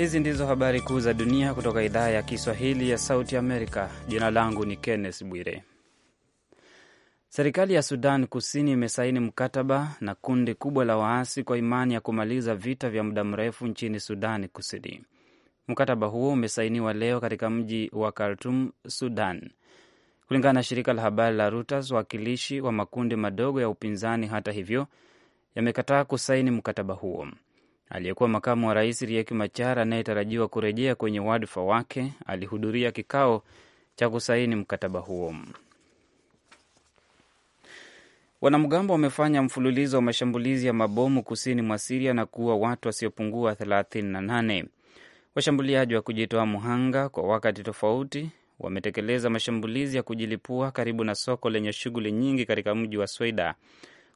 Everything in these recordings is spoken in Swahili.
Hizi ndizo habari kuu za dunia kutoka idhaa ya Kiswahili ya Sauti Amerika. Jina langu ni Kenneth Bwire. Serikali ya Sudan Kusini imesaini mkataba na kundi kubwa la waasi kwa imani ya kumaliza vita vya muda mrefu nchini Sudan Kusini. Mkataba huo umesainiwa leo katika mji wa Khartum, Sudan. Kulingana na shirika la habari la Reuters, wawakilishi wa makundi madogo ya upinzani, hata hivyo, yamekataa kusaini mkataba huo. Aliyekuwa makamu wa rais Rieki Machara anayetarajiwa kurejea kwenye wadhifa wake alihudhuria kikao cha kusaini mkataba huo. Wanamgambo wamefanya mfululizo wa mashambulizi ya mabomu kusini mwa Siria na kuua watu wasiopungua 38. Washambuliaji wa kujitoa mhanga kwa wakati tofauti wametekeleza mashambulizi ya kujilipua karibu na soko lenye shughuli nyingi katika mji wa Sweida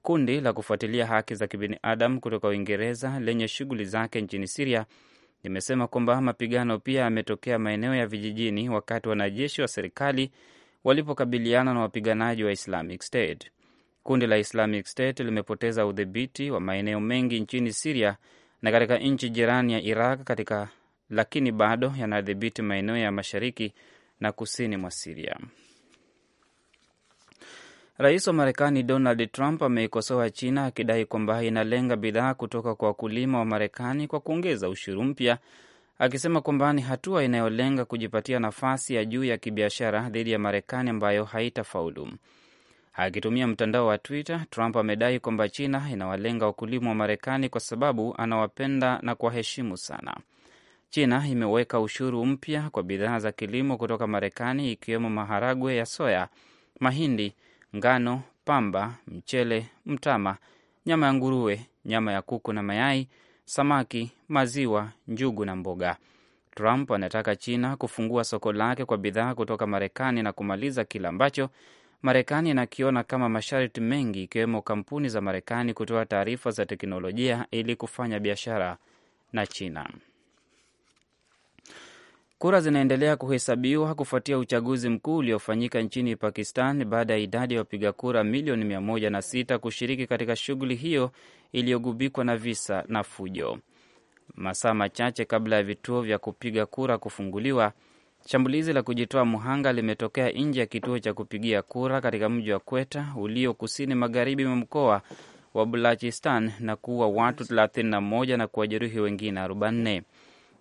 Kundi la kufuatilia haki za kibinadamu kutoka Uingereza lenye shughuli zake nchini Siria limesema kwamba mapigano pia yametokea maeneo ya vijijini wakati wanajeshi wa serikali walipokabiliana na wapiganaji wa Islamic State. Kundi la Islamic State limepoteza udhibiti wa maeneo mengi nchini Siria na katika nchi jirani ya Iraq katika, lakini bado yanadhibiti maeneo ya mashariki na kusini mwa Siria. Rais wa Marekani Donald Trump ameikosoa China akidai kwamba inalenga bidhaa kutoka kwa wakulima wa Marekani kwa kuongeza ushuru mpya, akisema kwamba ni hatua inayolenga kujipatia nafasi ya juu ya kibiashara dhidi ya Marekani ambayo haitafaulu. Akitumia mtandao wa Twitter, Trump amedai kwamba China inawalenga wakulima wa Marekani kwa sababu anawapenda na kuwaheshimu sana. China imeweka ushuru mpya kwa bidhaa za kilimo kutoka Marekani, ikiwemo maharagwe ya soya, mahindi ngano, pamba, mchele, mtama, nyama ya nguruwe, nyama ya kuku na mayai, samaki, maziwa, njugu na mboga. Trump anataka China kufungua soko lake kwa bidhaa kutoka Marekani na kumaliza kile ambacho Marekani inakiona kama masharti mengi, ikiwemo kampuni za Marekani kutoa taarifa za teknolojia ili kufanya biashara na China. Kura zinaendelea kuhesabiwa kufuatia uchaguzi mkuu uliofanyika nchini Pakistan baada ya idadi ya wapiga kura milioni 106 kushiriki katika shughuli hiyo iliyogubikwa na visa na fujo. Masaa machache kabla ya vituo vya kupiga kura kufunguliwa, shambulizi la kujitoa mhanga limetokea nje ya kituo cha kupigia kura katika mji wa Kweta ulio kusini magharibi mwa mkoa wa Balochistan na kuua watu 31 na kuwajeruhi wengine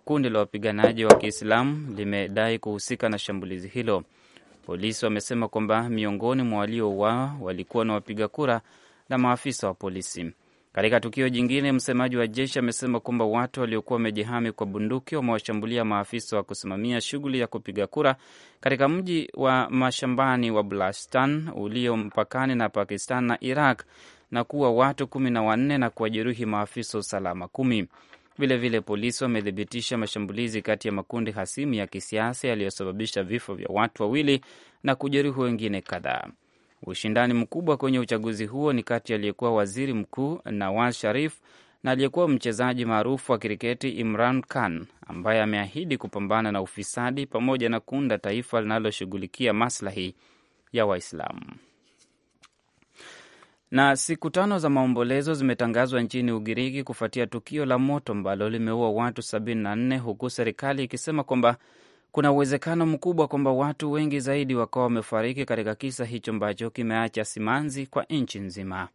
Kundi la wapiganaji wa Kiislamu limedai kuhusika na shambulizi hilo. Polisi wamesema kwamba miongoni mwa waliouawa walikuwa na wapiga kura na maafisa wa polisi. Katika tukio jingine, msemaji wa jeshi amesema kwamba watu waliokuwa wamejihami kwa bunduki wamewashambulia maafisa wa kusimamia shughuli ya kupiga kura katika mji wa mashambani wa Blastan ulio mpakani na Pakistan na Iraq na kuwa watu kumi na wanne na kuwajeruhi maafisa usalama kumi. Vilevile polisi wamethibitisha mashambulizi kati ya makundi hasimu ya kisiasa yaliyosababisha vifo vya watu wawili na kujeruhi wengine kadhaa. Ushindani mkubwa kwenye uchaguzi huo ni kati ya aliyekuwa waziri mkuu Nawaz Sharif na aliyekuwa mchezaji maarufu wa kriketi Imran Khan ambaye ameahidi kupambana na ufisadi pamoja na kuunda taifa linaloshughulikia maslahi ya Waislamu. Na siku tano za maombolezo zimetangazwa nchini Ugiriki kufuatia tukio la moto ambalo limeua watu 74 huku serikali ikisema kwamba kuna uwezekano mkubwa kwamba watu wengi zaidi wakawa wamefariki katika kisa hicho ambacho kimeacha simanzi kwa nchi nzima.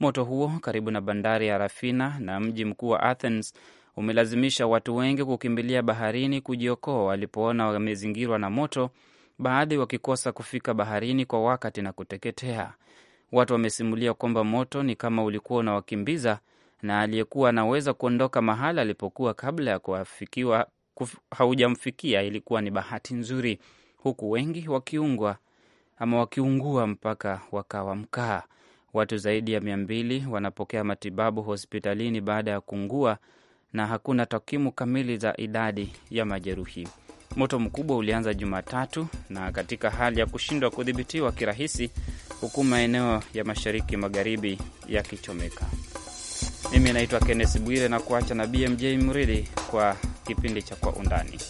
Moto huo karibu na bandari ya Rafina na mji mkuu wa Athens umelazimisha watu wengi kukimbilia baharini kujiokoa walipoona wamezingirwa na moto, baadhi wakikosa kufika baharini kwa wakati na kuteketea. Watu wamesimulia kwamba moto ni kama ulikuwa unawakimbiza na aliyekuwa anaweza kuondoka mahala alipokuwa kabla ya kuafikiwa haujamfikia ilikuwa ni bahati nzuri, huku wengi wakiungwa ama wakiungua mpaka wakawa mkaa. Watu zaidi ya mia mbili wanapokea matibabu hospitalini baada ya kuungua na hakuna takwimu kamili za idadi ya majeruhi. Moto mkubwa ulianza Jumatatu na katika hali ya kushindwa kudhibitiwa kirahisi huku maeneo ya mashariki magharibi yakichomeka. Mimi naitwa kennes Bwire na kuacha na BMJ Mridhi kwa kipindi cha Kwa Undani.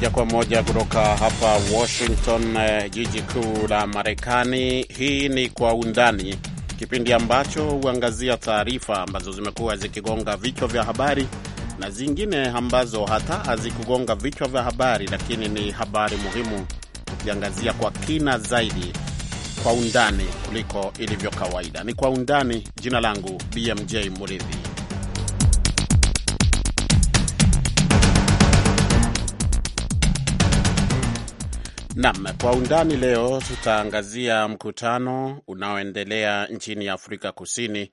moja kwa moja kutoka hapa Washington, eh, jiji kuu la Marekani. Hii ni Kwa Undani, kipindi ambacho huangazia taarifa ambazo zimekuwa zikigonga vichwa vya habari na zingine ambazo hata hazikugonga vichwa vya habari, lakini ni habari muhimu, tukiangazia kwa kina zaidi, kwa undani kuliko ilivyo kawaida. Ni Kwa Undani. Jina langu BMJ Muridhi. Nam kwa undani leo tutaangazia mkutano unaoendelea nchini Afrika Kusini,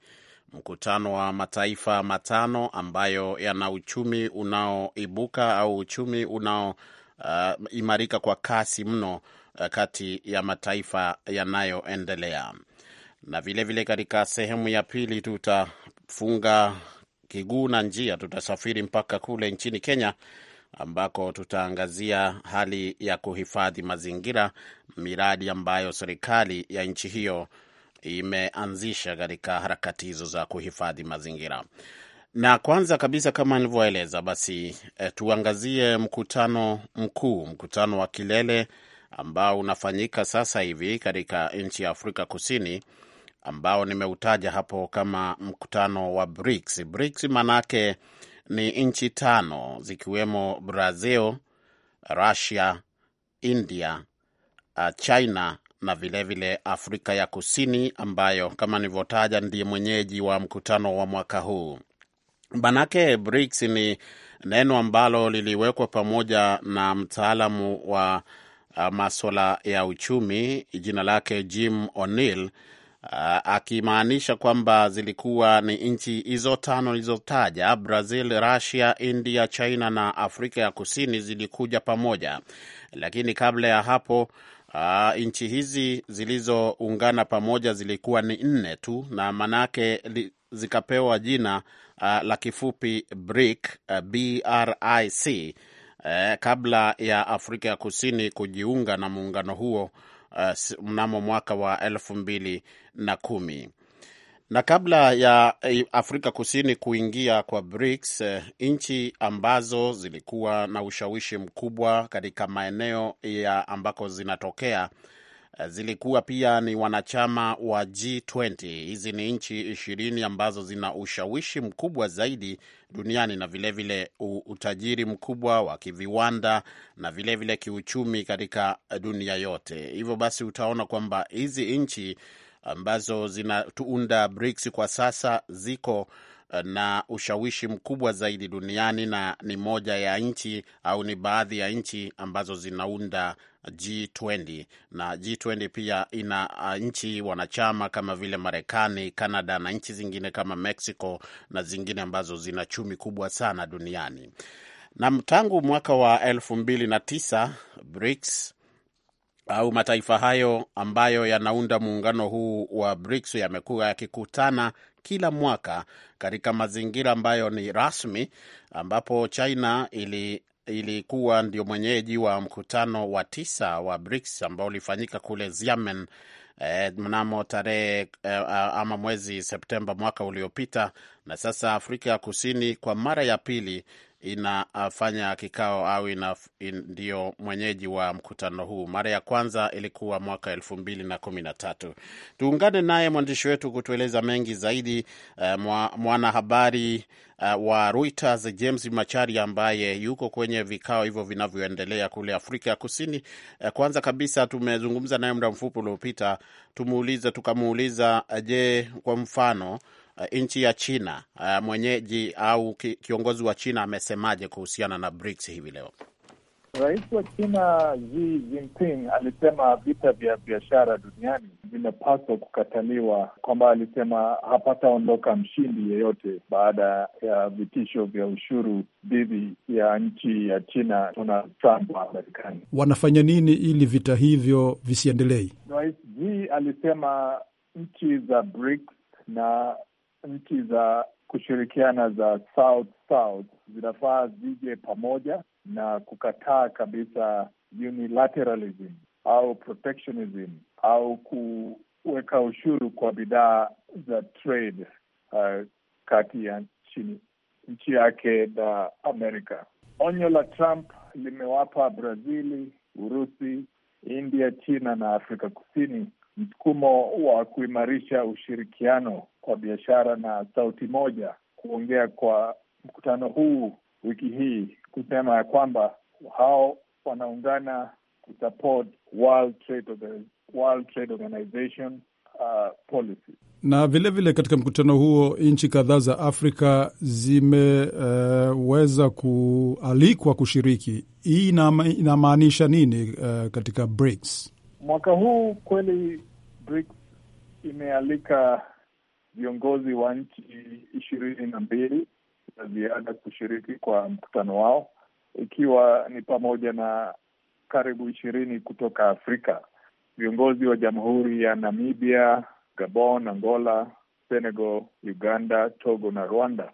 mkutano wa mataifa matano ambayo yana uchumi unaoibuka au uchumi unaoimarika uh, kwa kasi mno eh, kati ya mataifa yanayoendelea. Na vilevile katika sehemu ya pili tutafunga kiguu na njia, tutasafiri mpaka kule nchini Kenya ambako tutaangazia hali ya kuhifadhi mazingira, miradi ambayo serikali ya nchi hiyo imeanzisha katika harakati hizo za kuhifadhi mazingira. Na kwanza kabisa kama nilivyoeleza, basi eh, tuangazie mkutano mkuu, mkutano wa kilele ambao unafanyika sasa hivi katika nchi ya Afrika Kusini ambao nimeutaja hapo kama mkutano wa BRICS. BRICS maanake ni nchi tano zikiwemo Brazil, Russia, India, uh, China na vilevile vile Afrika ya Kusini ambayo kama nilivyotaja ndiye mwenyeji wa mkutano wa mwaka huu. Manake BRICS ni neno ambalo liliwekwa pamoja na mtaalamu wa uh, maswala ya uchumi, jina lake Jim O'Neill Uh, akimaanisha kwamba zilikuwa ni nchi hizo tano ilizotaja: Brazil, Russia, India, China na Afrika ya Kusini zilikuja pamoja. Lakini kabla ya hapo Uh, nchi hizi zilizoungana pamoja zilikuwa ni nne tu, na manake zikapewa jina uh, la kifupi BRIC, uh, BRIC uh, kabla ya Afrika ya Kusini kujiunga na muungano huo uh, mnamo mwaka wa elfu mbili na kumi na kabla ya eh, Afrika Kusini kuingia kwa BRICS, eh, nchi ambazo zilikuwa na ushawishi mkubwa katika maeneo ya ambako zinatokea zilikuwa pia ni wanachama wa G20. Hizi ni nchi ishirini ambazo zina ushawishi mkubwa zaidi duniani na vilevile vile utajiri mkubwa wa kiviwanda na vilevile vile kiuchumi katika dunia yote. Hivyo basi utaona kwamba hizi nchi ambazo zinatuunda BRICS kwa sasa ziko eh, na ushawishi mkubwa zaidi duniani na ni moja ya nchi au ni baadhi ya nchi ambazo zinaunda G20 na G20 pia ina uh, nchi wanachama kama vile Marekani, Canada na nchi zingine kama Mexico na zingine ambazo zina chumi kubwa sana duniani. Na tangu mwaka wa elfu mbili na tisa BRICS au mataifa hayo ambayo yanaunda muungano huu wa BRICS yamekuwa yakikutana kila mwaka katika mazingira ambayo ni rasmi, ambapo China ili ilikuwa ndio mwenyeji wa mkutano wa tisa wa BRICS ambao ulifanyika kule Xiamen eh, mnamo tarehe eh, ama mwezi Septemba mwaka uliopita, na sasa Afrika ya Kusini kwa mara ya pili inafanya kikao au ina, in, ndio mwenyeji wa mkutano huu. Mara ya kwanza ilikuwa mwaka elfu mbili na kumi na tatu. Tuungane naye mwandishi wetu kutueleza mengi zaidi uh, mwanahabari uh, wa Reuters James Machari ambaye yuko kwenye vikao hivyo vinavyoendelea kule Afrika ya Kusini. Uh, kwanza kabisa tumezungumza naye muda mfupi uliopita, tumuulize tukamuuliza, je, kwa mfano Eh, nchi ya China uh, mwenyeji au kiongozi wa China amesemaje kuhusiana na BRICS hivi leo? Rais wa China Xi Jinping alisema vita vya biashara duniani vimepaswa kukataliwa, kwamba alisema hapataondoka mshindi yeyote baada ya vitisho vya ushuru dhidi ya nchi ya China Donald Trump wa Marekani. Wanafanya nini ili vita hivyo visiendelei? Rais Xi alisema nchi za BRICS na nchi za kushirikiana za South South zinafaa zije pamoja na kukataa kabisa unilateralism au protectionism au kuweka ushuru kwa bidhaa za trade uh, kati ya nchi, nchi yake na Amerika. Onyo la Trump limewapa Brazili, Urusi, India, China na Afrika Kusini msukumo wa kuimarisha ushirikiano kwa biashara na sauti moja kuongea kwa mkutano huu wiki hii kusema ya kwamba hao wanaungana kusupport World Trade World Trade Organization uh, policy na vilevile vile katika mkutano huo nchi kadhaa za Afrika zimeweza uh, kualikwa kushiriki. Hii inamaanisha nini uh, katika BRICS? Mwaka huu kweli BRICS imealika viongozi wa nchi ishirini na mbili za ziada kushiriki kwa mkutano wao, ikiwa ni pamoja na karibu ishirini kutoka Afrika. Viongozi wa jamhuri ya Namibia, Gabon, Angola, Senegal, Uganda, Togo na Rwanda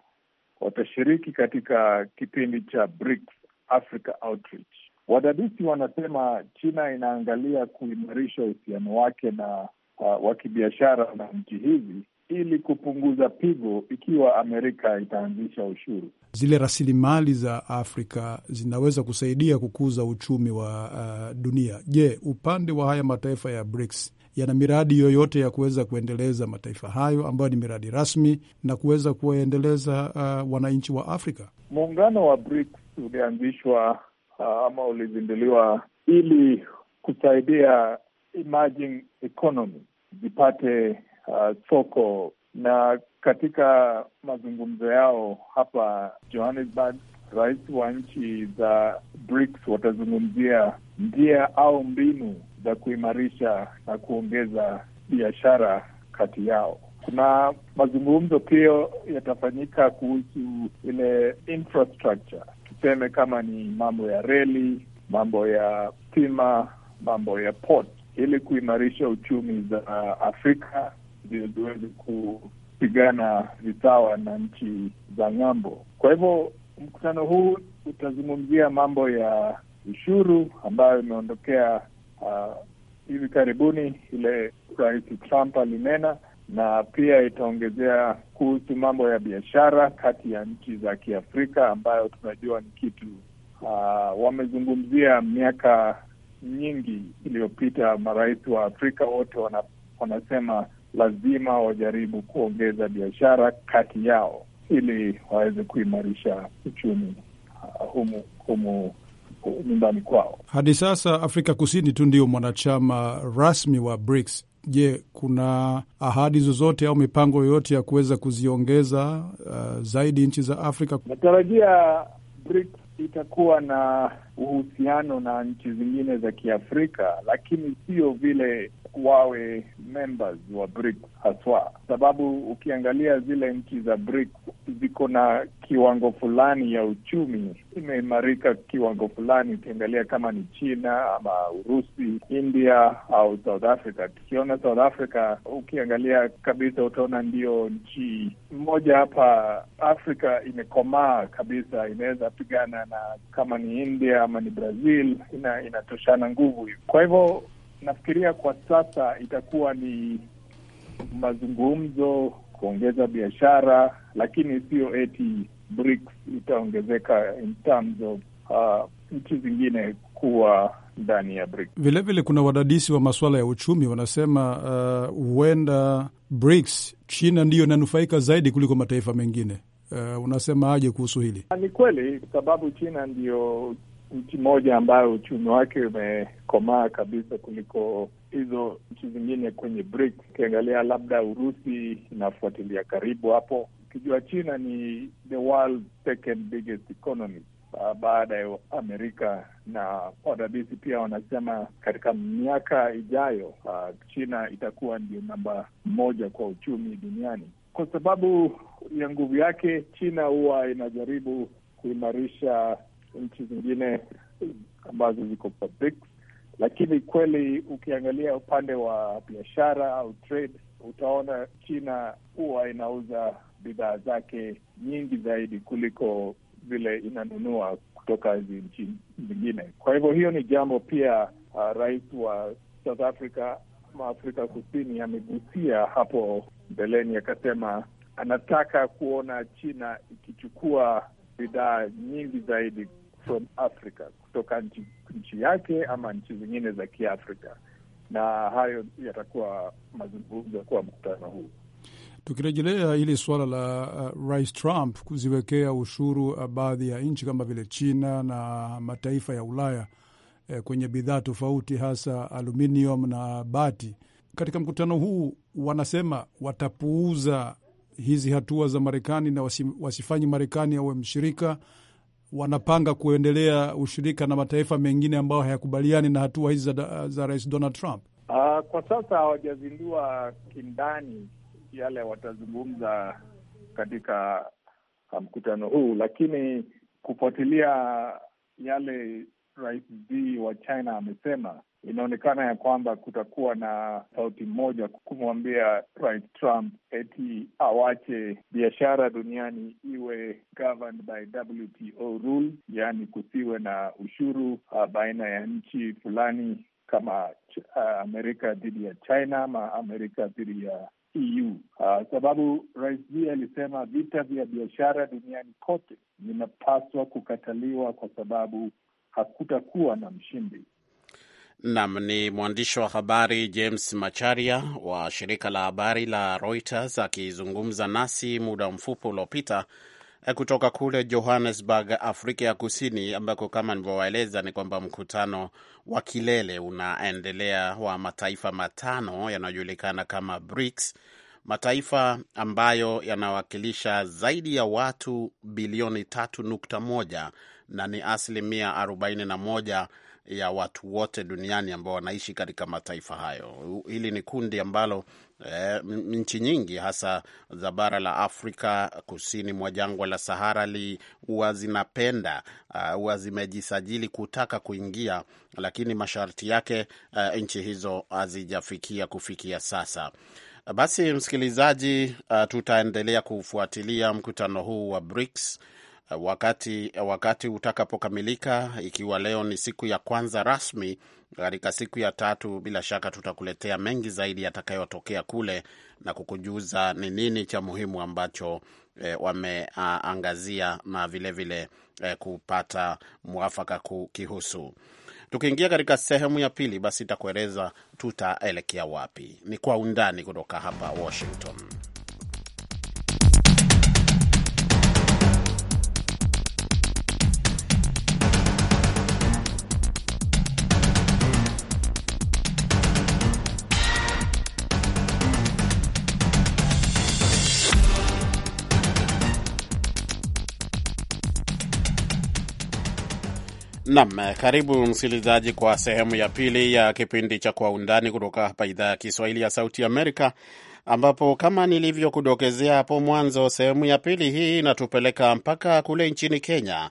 watashiriki katika kipindi cha BRICS Africa Outreach. Wadadisi wanasema China inaangalia kuimarisha uhusiano wake na uh, wa kibiashara na nchi hizi ili kupunguza pigo ikiwa Amerika itaanzisha ushuru. Zile rasilimali za Afrika zinaweza kusaidia kukuza uchumi wa uh, dunia. Je, upande wa haya mataifa ya BRICS yana miradi yoyote ya kuweza kuendeleza mataifa hayo ambayo ni miradi rasmi na kuweza kuwaendeleza uh, wananchi wa Afrika? Muungano wa BRICS ulianzishwa uh, ama ulizinduliwa ili kusaidia emerging economy zipate uh, soko na katika mazungumzo yao hapa Johannesburg, rais wa nchi za BRICS watazungumzia njia au mbinu za kuimarisha na kuongeza biashara kati yao. Kuna mazungumzo pia yatafanyika kuhusu ile infrastructure, tuseme kama ni mambo ya reli, mambo ya stima, mambo ya port, ili kuimarisha uchumi za Afrika ziweze kupigana visawa na nchi za ng'ambo. Kwa hivyo mkutano huu utazungumzia mambo ya ushuru ambayo imeondokea uh, hivi karibuni ile Rais Trump alinena, na pia itaongezea kuhusu mambo ya biashara kati ya nchi za Kiafrika ambayo tunajua ni kitu uh, wamezungumzia miaka nyingi iliyopita. Marais wa Afrika wote wana, wanasema lazima wajaribu kuongeza biashara kati yao ili waweze kuimarisha uchumi uh, humu humu nyumbani kwao. Hadi sasa Afrika Kusini tu ndio mwanachama rasmi wa BRICS. Je, kuna ahadi zozote au mipango yoyote ya kuweza kuziongeza uh, zaidi nchi za Afrika? Natarajia BRICS itakuwa na uhusiano na nchi zingine za Kiafrika, lakini sio vile wawe members wa BRICS haswa, sababu ukiangalia zile nchi za BRICS ziko na kiwango fulani ya uchumi imeimarika kiwango fulani, ukiangalia kama ni China ama Urusi, India au South Africa. Tukiona South Africa, ukiangalia kabisa utaona ndio nchi mmoja hapa Afrika imekomaa kabisa, inaweza pigana na kama ni India ama ni Brazil, ina inatoshana nguvu hivi. Kwa hivyo nafikiria kwa sasa itakuwa ni mazungumzo kuongeza biashara, lakini sio eti BRICS itaongezeka in terms of uh, nchi zingine kuwa ndani ya BRICS. vile kuna wadadisi wa masuala ya uchumi wanasema uh, huenda uh, BRICS China ndiyo inanufaika zaidi kuliko mataifa mengine. Uh, unasema aje kuhusu hili? Ni kweli, kwa sababu China ndiyo nchi moja ambayo uchumi wake umekomaa kabisa kuliko hizo nchi zingine kwenye BRICS. Ukiangalia labda Urusi inafuatilia karibu hapo, ukijua China ni the second biggest economy baada ya Amerika na wadadisi pia wanasema katika miaka ijayo uh, China itakuwa ndio namba moja kwa uchumi duniani. Kwa sababu ya nguvu yake, China huwa inajaribu kuimarisha nchi zingine ambazo ziko kwa BRICS. Lakini kweli ukiangalia upande wa biashara au trade, utaona China huwa inauza bidhaa zake nyingi zaidi kuliko vile inanunua kutoka hizi nchi zingine. Kwa hivyo hiyo ni jambo pia uh, rais wa South Africa ama Afrika Kusini amegusia hapo mbeleni, akasema anataka kuona China ikichukua bidhaa nyingi zaidi from Africa, kutoka nchi, nchi yake ama nchi zingine za Kiafrika, na hayo yatakuwa mazungumzo kuwa mkutano huu. Tukirejelea hili suala la uh, Rais Trump kuziwekea ushuru uh, baadhi ya nchi kama vile China na mataifa ya Ulaya eh, kwenye bidhaa tofauti hasa aluminium na bati. Katika mkutano huu wanasema watapuuza hizi hatua za Marekani na wasi, wasifanyi Marekani awe mshirika wanapanga kuendelea ushirika na mataifa mengine ambayo hayakubaliani na hatua hizi za, za Rais Donald Trump? Uh, kwa sasa hawajazindua kindani yale watazungumza katika ah, mkutano huu, lakini kufuatilia yale Rais wa China amesema inaonekana ya kwamba kutakuwa na sauti moja kumwambia Rais Trump eti awache biashara duniani iwe governed by WTO rule, yaani kusiwe na ushuru uh, baina ya nchi fulani kama uh, Amerika dhidi ya China ama Amerika dhidi ya EU. Uh, sababu rais Lee alisema vita vya biashara duniani kote vinapaswa kukataliwa kwa sababu hakutakuwa na mshindi. Nam ni mwandishi wa habari James Macharia wa shirika la habari la Reuters akizungumza nasi muda mfupi uliopita eh, kutoka kule Johannesburg, Afrika ya Kusini, ambako kama nilivyowaeleza ni kwamba mkutano wa kilele unaendelea wa mataifa matano yanayojulikana kama BRICS, mataifa ambayo yanawakilisha zaidi ya watu bilioni 3.1 na ni asilimia 41 ya watu wote duniani ambao wanaishi katika mataifa hayo. Hili ni kundi ambalo e, nchi nyingi hasa za bara la Afrika kusini mwa jangwa la Sahara huwa zinapenda eh, huwa uh, zimejisajili kutaka kuingia, lakini masharti yake uh, nchi hizo hazijafikia kufikia sasa. Basi msikilizaji, uh, tutaendelea kufuatilia mkutano huu wa BRICS wakati, wakati utakapokamilika, ikiwa leo ni siku ya kwanza rasmi. Katika siku ya tatu, bila shaka tutakuletea mengi zaidi yatakayotokea kule na kukujuza ni nini cha muhimu ambacho e, wameangazia na vilevile e, eh, kupata mwafaka kukihusu. Tukiingia katika sehemu ya pili, basi itakueleza tutaelekea wapi. Ni kwa undani kutoka hapa Washington. Nam, karibu msikilizaji kwa sehemu ya pili ya kipindi cha Kwa Undani kutoka hapa idhaa ya Kiswahili ya Sauti Amerika, ambapo kama nilivyokudokezea hapo mwanzo, sehemu ya pili hii inatupeleka mpaka kule nchini Kenya,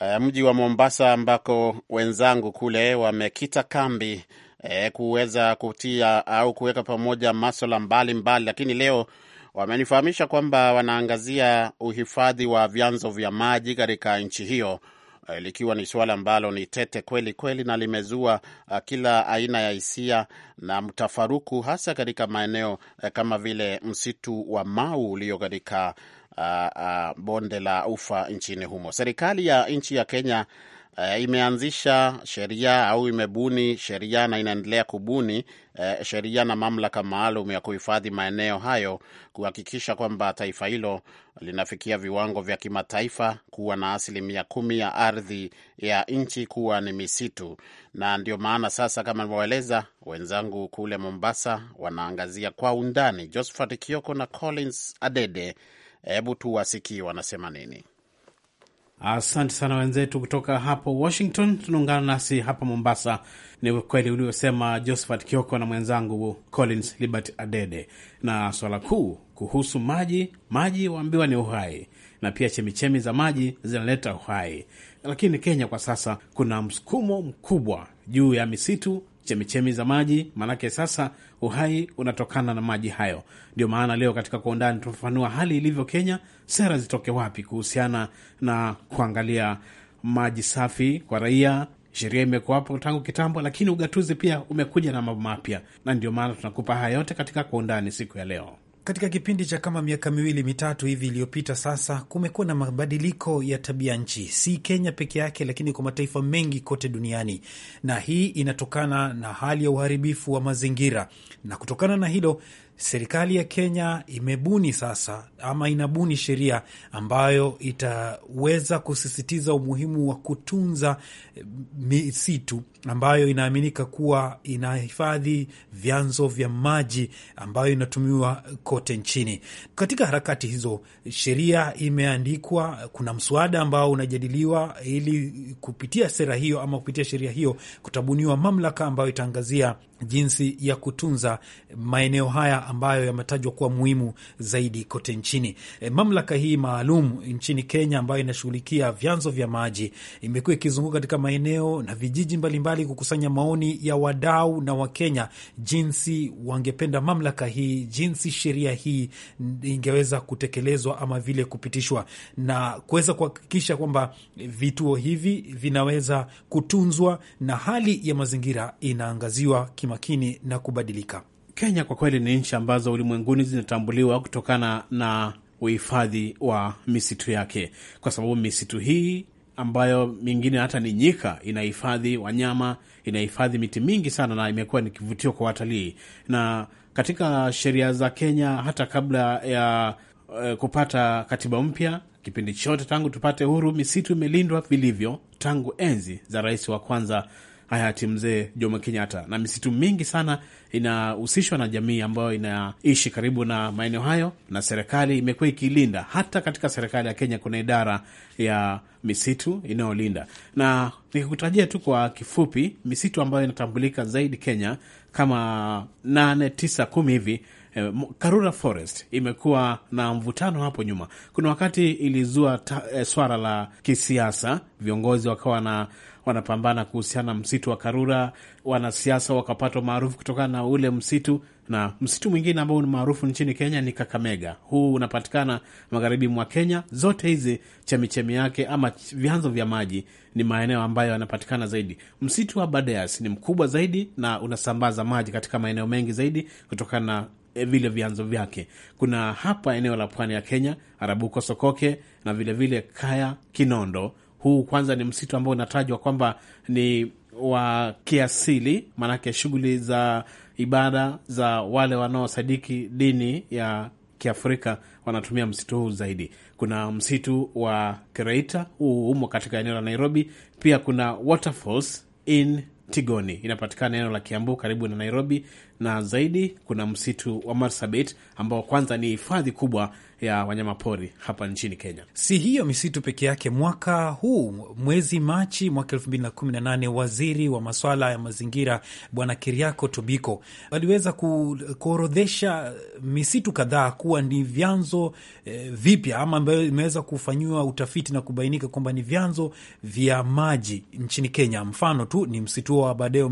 e, mji wa Mombasa, ambako wenzangu kule wamekita kambi e, kuweza kutia au kuweka pamoja maswala mbalimbali, lakini leo wamenifahamisha kwamba wanaangazia uhifadhi wa vyanzo vya maji katika nchi hiyo Eh, likiwa ni suala ambalo ni tete kweli kweli na limezua eh, kila aina ya hisia na mtafaruku, hasa katika maeneo eh, kama vile msitu wa Mau ulio katika ah, ah, bonde la Ufa nchini humo. Serikali ya nchi ya Kenya uh, imeanzisha sheria au imebuni sheria na inaendelea kubuni uh, sheria na mamlaka maalum ya kuhifadhi maeneo hayo kuhakikisha kwamba taifa hilo linafikia viwango vya kimataifa kuwa na asilimia kumi ya ardhi ya nchi kuwa ni misitu. Na ndio maana sasa, kama nilivyoeleza, wenzangu kule Mombasa wanaangazia kwa undani. Josephat Kioko na Collins Adede, hebu tuwasikie wanasema nini. Asante sana wenzetu kutoka hapo Washington. Tunaungana nasi hapa Mombasa. Ni kweli uliosema Josephat Kioko na mwenzangu Collins Libert Adede, na swala kuu kuhusu maji. Maji waambiwa ni uhai, na pia chemichemi za maji zinaleta uhai, lakini Kenya kwa sasa kuna msukumo mkubwa juu ya misitu chemichemi za maji, maanake sasa uhai unatokana na maji hayo. Ndio maana leo katika Kwa Undani tunafafanua hali ilivyo Kenya, sera zitoke wapi kuhusiana na kuangalia maji safi kwa raia. Sheria imekuwapo tangu kitambo, lakini ugatuzi pia umekuja na mambo mapya, na ndio maana tunakupa haya yote katika Kwa Undani siku ya leo. Katika kipindi cha kama miaka miwili mitatu hivi iliyopita sasa, kumekuwa na mabadiliko ya tabia nchi, si Kenya peke yake, lakini kwa mataifa mengi kote duniani, na hii inatokana na hali ya uharibifu wa mazingira. Na kutokana na hilo, serikali ya Kenya imebuni sasa ama inabuni sheria ambayo itaweza kusisitiza umuhimu wa kutunza eh, misitu ambayo inaaminika kuwa inahifadhi vyanzo vya maji ambayo inatumiwa kote nchini. Katika harakati hizo, sheria imeandikwa, kuna mswada ambao unajadiliwa ili kupitia sera hiyo ama kupitia sheria hiyo kutabuniwa mamlaka ambayo itaangazia jinsi ya kutunza maeneo haya ambayo yametajwa kuwa muhimu zaidi kote nchini. E, mamlaka hii maalum nchini Kenya ambayo inashughulikia vyanzo vya maji imekuwa ikizunguka katika maeneo na vijiji mbalimbali mbali kukusanya maoni ya wadau na Wakenya jinsi wangependa mamlaka hii, jinsi sheria hii ingeweza kutekelezwa ama vile kupitishwa na kuweza kuhakikisha kwamba vituo hivi vinaweza kutunzwa na hali ya mazingira inaangaziwa kima makini na kubadilika. Kenya kwa kweli ni nchi ambazo ulimwenguni zinatambuliwa kutokana na uhifadhi wa misitu yake, kwa sababu misitu hii ambayo mingine hata ni nyika inahifadhi wanyama, inahifadhi miti mingi sana, na imekuwa ni kivutio kwa watalii. Na katika sheria za Kenya hata kabla ya eh, kupata katiba mpya, kipindi chote tangu tupate huru, misitu imelindwa vilivyo tangu enzi za rais wa kwanza hayati mzee Jomo Kenyatta, na misitu mingi sana inahusishwa na jamii ambayo inaishi karibu na maeneo hayo, na serikali imekuwa ikilinda. Hata katika serikali ya Kenya kuna idara ya misitu inayolinda, na nikikutajia tu kwa kifupi misitu ambayo inatambulika zaidi Kenya kama nane, tisa, kumi hivi eh, Karura Forest imekuwa na mvutano hapo nyuma. Kuna wakati ilizua ta, eh, swala la kisiasa, viongozi wakawa na wanapambana kuhusiana na msitu wa Karura, wanasiasa wakapata maarufu kutokana na ule msitu. Na msitu mwingine ambao ni maarufu nchini Kenya ni Kakamega, huu unapatikana magharibi mwa Kenya. Zote hizi chemichemi yake ama vyanzo vya maji ni maeneo ambayo yanapatikana zaidi. Msitu wa Badeas ni mkubwa zaidi na unasambaza maji katika maeneo mengi zaidi kutokana na Eh, vile vyanzo vyake. Kuna hapa eneo la pwani ya Kenya, Arabuko Sokoke na vilevile vile Kaya Kinondo. Huu kwanza ni msitu ambao unatajwa kwamba ni wa kiasili, maanake shughuli za ibada za wale wanaosadiki dini ya Kiafrika wanatumia msitu huu zaidi. Kuna msitu wa Kereita, huu umo katika eneo la Nairobi. Pia kuna waterfalls in Tigoni, inapatikana eneo la Kiambu karibu na Nairobi, na zaidi kuna msitu wa Marsabit ambao kwanza ni hifadhi kubwa ya wanyamapori hapa nchini Kenya. Si hiyo misitu peke yake. Mwaka huu mwezi Machi mwaka elfu mbili na kumi na nane, waziri wa maswala ya mazingira Bwana Keriako Tobiko aliweza kuorodhesha misitu kadhaa kuwa ni vyanzo eh, vipya ama ambayo imeweza kufanyiwa utafiti na kubainika kwamba ni vyanzo vya maji nchini Kenya. Mfano tu ni msitu wa Abadeo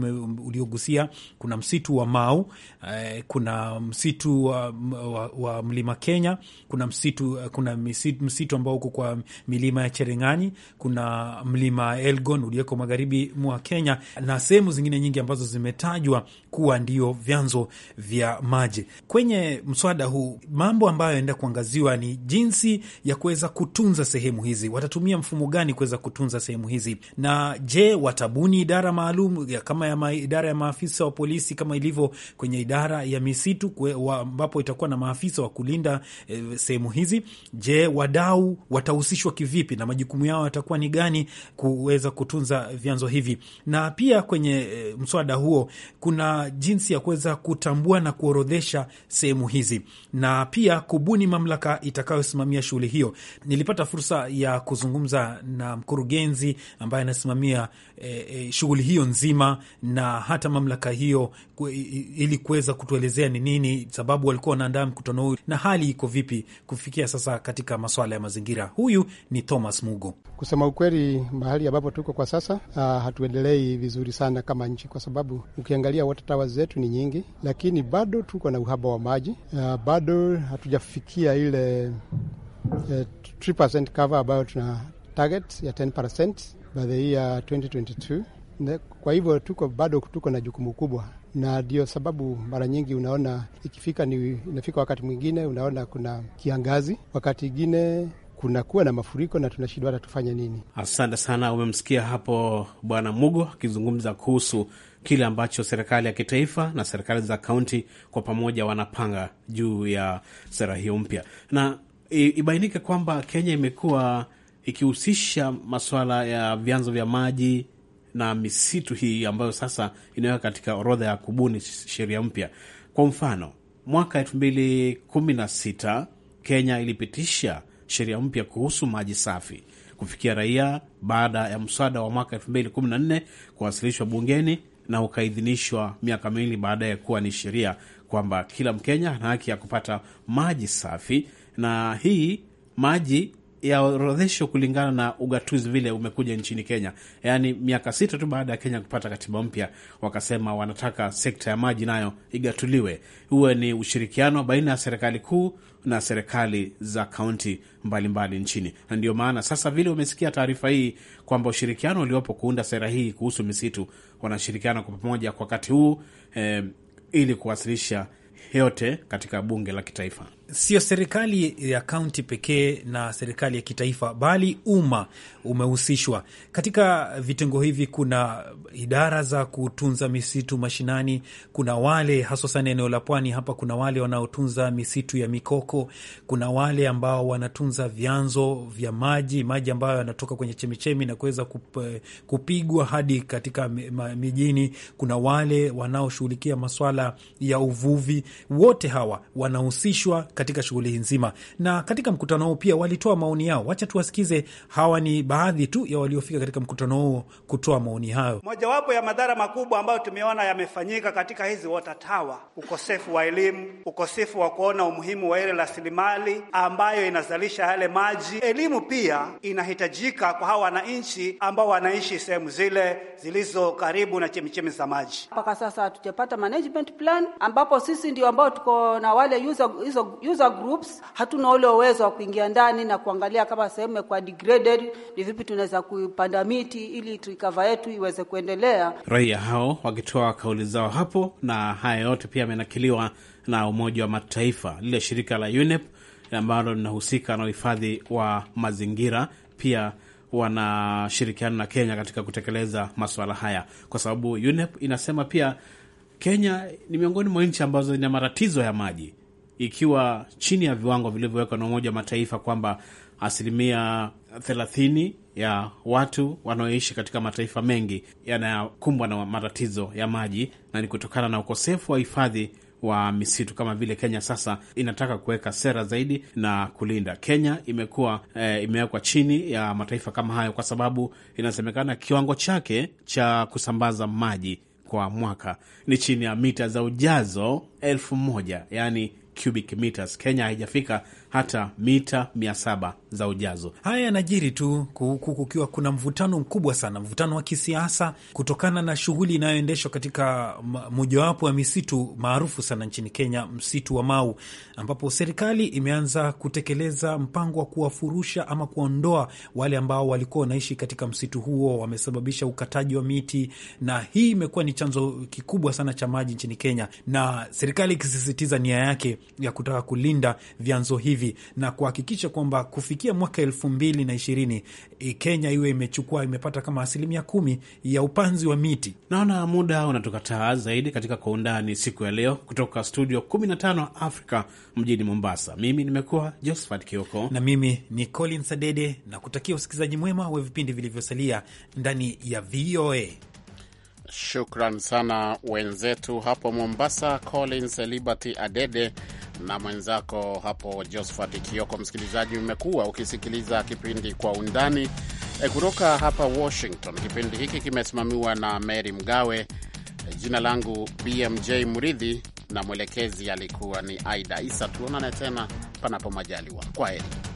uliogusia, kuna msitu wa Mau Mau eh, kuna msitu wa, wa, wa mlima Kenya, kuna msitu, kuna msitu, msitu ambao uko kwa milima ya Cherengani, kuna mlima Elgon ulioko magharibi mwa Kenya na sehemu zingine nyingi ambazo zimetajwa kuwa ndio vyanzo vya maji. Kwenye mswada huu, mambo ambayo yaenda kuangaziwa ni jinsi ya kuweza kutunza sehemu hizi. Watatumia mfumo gani kuweza kutunza sehemu hizi? Na je, watabuni idara maalum kama ya ma, idara ya maafisa wa polisi kama ilivyo kwenye idara ya misitu ambapo itakuwa na maafisa wa kulinda e, sehemu hizi. Je, wadau watahusishwa kivipi na majukumu yao yatakuwa ni gani kuweza kutunza vyanzo hivi? Na pia kwenye e, mswada huo kuna jinsi ya kuweza kutambua na kuorodhesha sehemu hizi na pia kubuni mamlaka itakayosimamia shughuli hiyo. Nilipata fursa ya kuzungumza na mkurugenzi ambaye anasimamia e, e, shughuli hiyo nzima na hata mamlaka hiyo ili kuweza kutuelezea ni nini sababu walikuwa wanaandaa mkutano huu na hali iko vipi kufikia sasa katika masuala ya mazingira. Huyu ni Thomas Mugo. Kusema ukweli, mahali ambapo tuko kwa sasa uh, hatuendelei vizuri sana kama nchi, kwa sababu ukiangalia watatawa zetu ni nyingi, lakini bado tuko na uhaba wa maji uh, bado hatujafikia ile uh, eh, 3% cover ambayo tuna target ya 10% by the year 2022. Kwa hivyo tuko bado tuko na jukumu kubwa na ndio sababu mara nyingi unaona ikifika ni inafika wakati mwingine unaona kuna kiangazi, wakati ingine kunakuwa na mafuriko na tunashindwa hata tufanye nini. Asante sana. Umemsikia hapo Bwana Mugo akizungumza kuhusu kile ambacho serikali ya kitaifa na serikali za kaunti kwa pamoja wanapanga juu ya sera hiyo mpya, na ibainike kwamba Kenya imekuwa ikihusisha masuala ya vyanzo vya maji na misitu hii ambayo sasa inaweka katika orodha ya kubuni sheria mpya. Kwa mfano, mwaka elfu mbili kumi na sita Kenya ilipitisha sheria mpya kuhusu maji safi kufikia raia baada ya mswada wa mwaka nne kuwasilishwa bungeni na ukaidhinishwa miaka miwili baadaye kuwa ni sheria kwamba kila Mkenya ana haki ya kupata maji safi, na hii maji yaorodheshwe kulingana na ugatuzi vile umekuja nchini Kenya. Yaani miaka sita tu baada ya Kenya kupata katiba mpya, wakasema wanataka sekta ya maji nayo igatuliwe, huwe ni ushirikiano baina ya serikali kuu na serikali za kaunti mbalimbali nchini. Na ndio maana sasa vile umesikia taarifa hii kwamba ushirikiano uliopo kuunda sera hii kuhusu misitu, wanashirikiana kwa pamoja kwa wakati huu eh, ili kuwasilisha yote katika bunge la kitaifa sio serikali ya kaunti pekee na serikali ya kitaifa, bali umma umehusishwa katika vitengo hivi. Kuna idara za kutunza misitu mashinani, kuna wale haswa sana eneo la pwani hapa, kuna wale wanaotunza misitu ya mikoko, kuna wale ambao wanatunza vyanzo vya maji, maji ambayo yanatoka kwenye chemichemi na kuweza kupigwa hadi katika mijini, kuna wale wanaoshughulikia maswala ya uvuvi. Wote hawa wanahusishwa katika shughuli nzima. Na katika mkutano huo pia walitoa maoni yao. Wacha tuwasikize. Hawa ni baadhi tu ya waliofika katika mkutano huo kutoa maoni hayo. Mojawapo ya madhara makubwa ambayo tumeona yamefanyika katika hizi water tower, ukosefu wa elimu, ukosefu wa kuona umuhimu wa ile rasilimali ambayo inazalisha yale maji. Elimu pia inahitajika kwa hawa wananchi ambao wanaishi sehemu zile zilizo karibu na chemichemi za maji. Mpaka sasa hatujapata management plan, ambapo sisi ndio ambao tuko na wale user, user groups, hatuna ule uwezo wa kuingia ndani na kuangalia kama sehemu imekuwa degraded, ni vipi tunaweza kupanda miti ili recover yetu iweze kuendelea. Raia hao wakitoa kauli zao hapo, na haya yote pia yamenakiliwa na Umoja wa Mataifa, lile shirika la UNEP ambalo linahusika na uhifadhi wa mazingira pia wanashirikiana na Kenya katika kutekeleza masuala haya, kwa sababu UNEP inasema pia Kenya ni miongoni mwa nchi ambazo ina matatizo ya maji ikiwa chini ya viwango vilivyowekwa na Umoja wa Mataifa kwamba asilimia 30 ya watu wanaoishi katika mataifa mengi yanakumbwa na matatizo ya maji, na ni kutokana na ukosefu wa hifadhi wa misitu kama vile Kenya sasa inataka kuweka sera zaidi na kulinda. Kenya imekuwa e, imewekwa chini ya mataifa kama hayo kwa sababu inasemekana kiwango chake cha kusambaza maji kwa mwaka ni chini ya mita za ujazo elfu moja yaani cubic meters. Kenya haijafika hata mita mia saba za ujazo. Haya yanajiri tu huku kukiwa kuna mvutano mkubwa sana, mvutano wa kisiasa kutokana na shughuli inayoendeshwa katika mojawapo ya misitu maarufu sana nchini Kenya, msitu wa Mau, ambapo serikali imeanza kutekeleza mpango wa kuwafurusha ama kuondoa wale ambao walikuwa wanaishi katika msitu huo, wamesababisha ukataji wa miti, na hii imekuwa ni chanzo kikubwa sana cha maji nchini Kenya, na serikali ikisisitiza nia yake ya kutaka kulinda vyanzo hivi hivi na kuhakikisha kwamba kufikia mwaka elfu mbili na ishirini e, Kenya iwe imechukua imepata kama asilimia kumi ya upanzi wa miti. Naona muda unatukataa zaidi katika kwa undani siku ya leo, kutoka studio 15 Afrika mjini Mombasa. Mimi nimekuwa Josephat Kioko na mimi ni Colin Sadede, na kutakia usikilizaji mwema wa vipindi vilivyosalia ndani ya VOA. Shukran sana wenzetu hapo Mombasa, Collins Liberty Adede na mwenzako hapo Josphat Kioko. Msikilizaji, umekuwa ukisikiliza kipindi Kwa Undani eh, kutoka hapa Washington. Kipindi hiki kimesimamiwa na Mary Mgawe, jina langu BMJ Muridhi na mwelekezi alikuwa ni Aida Isa. Tuonane tena panapo majaliwa, kwa heri.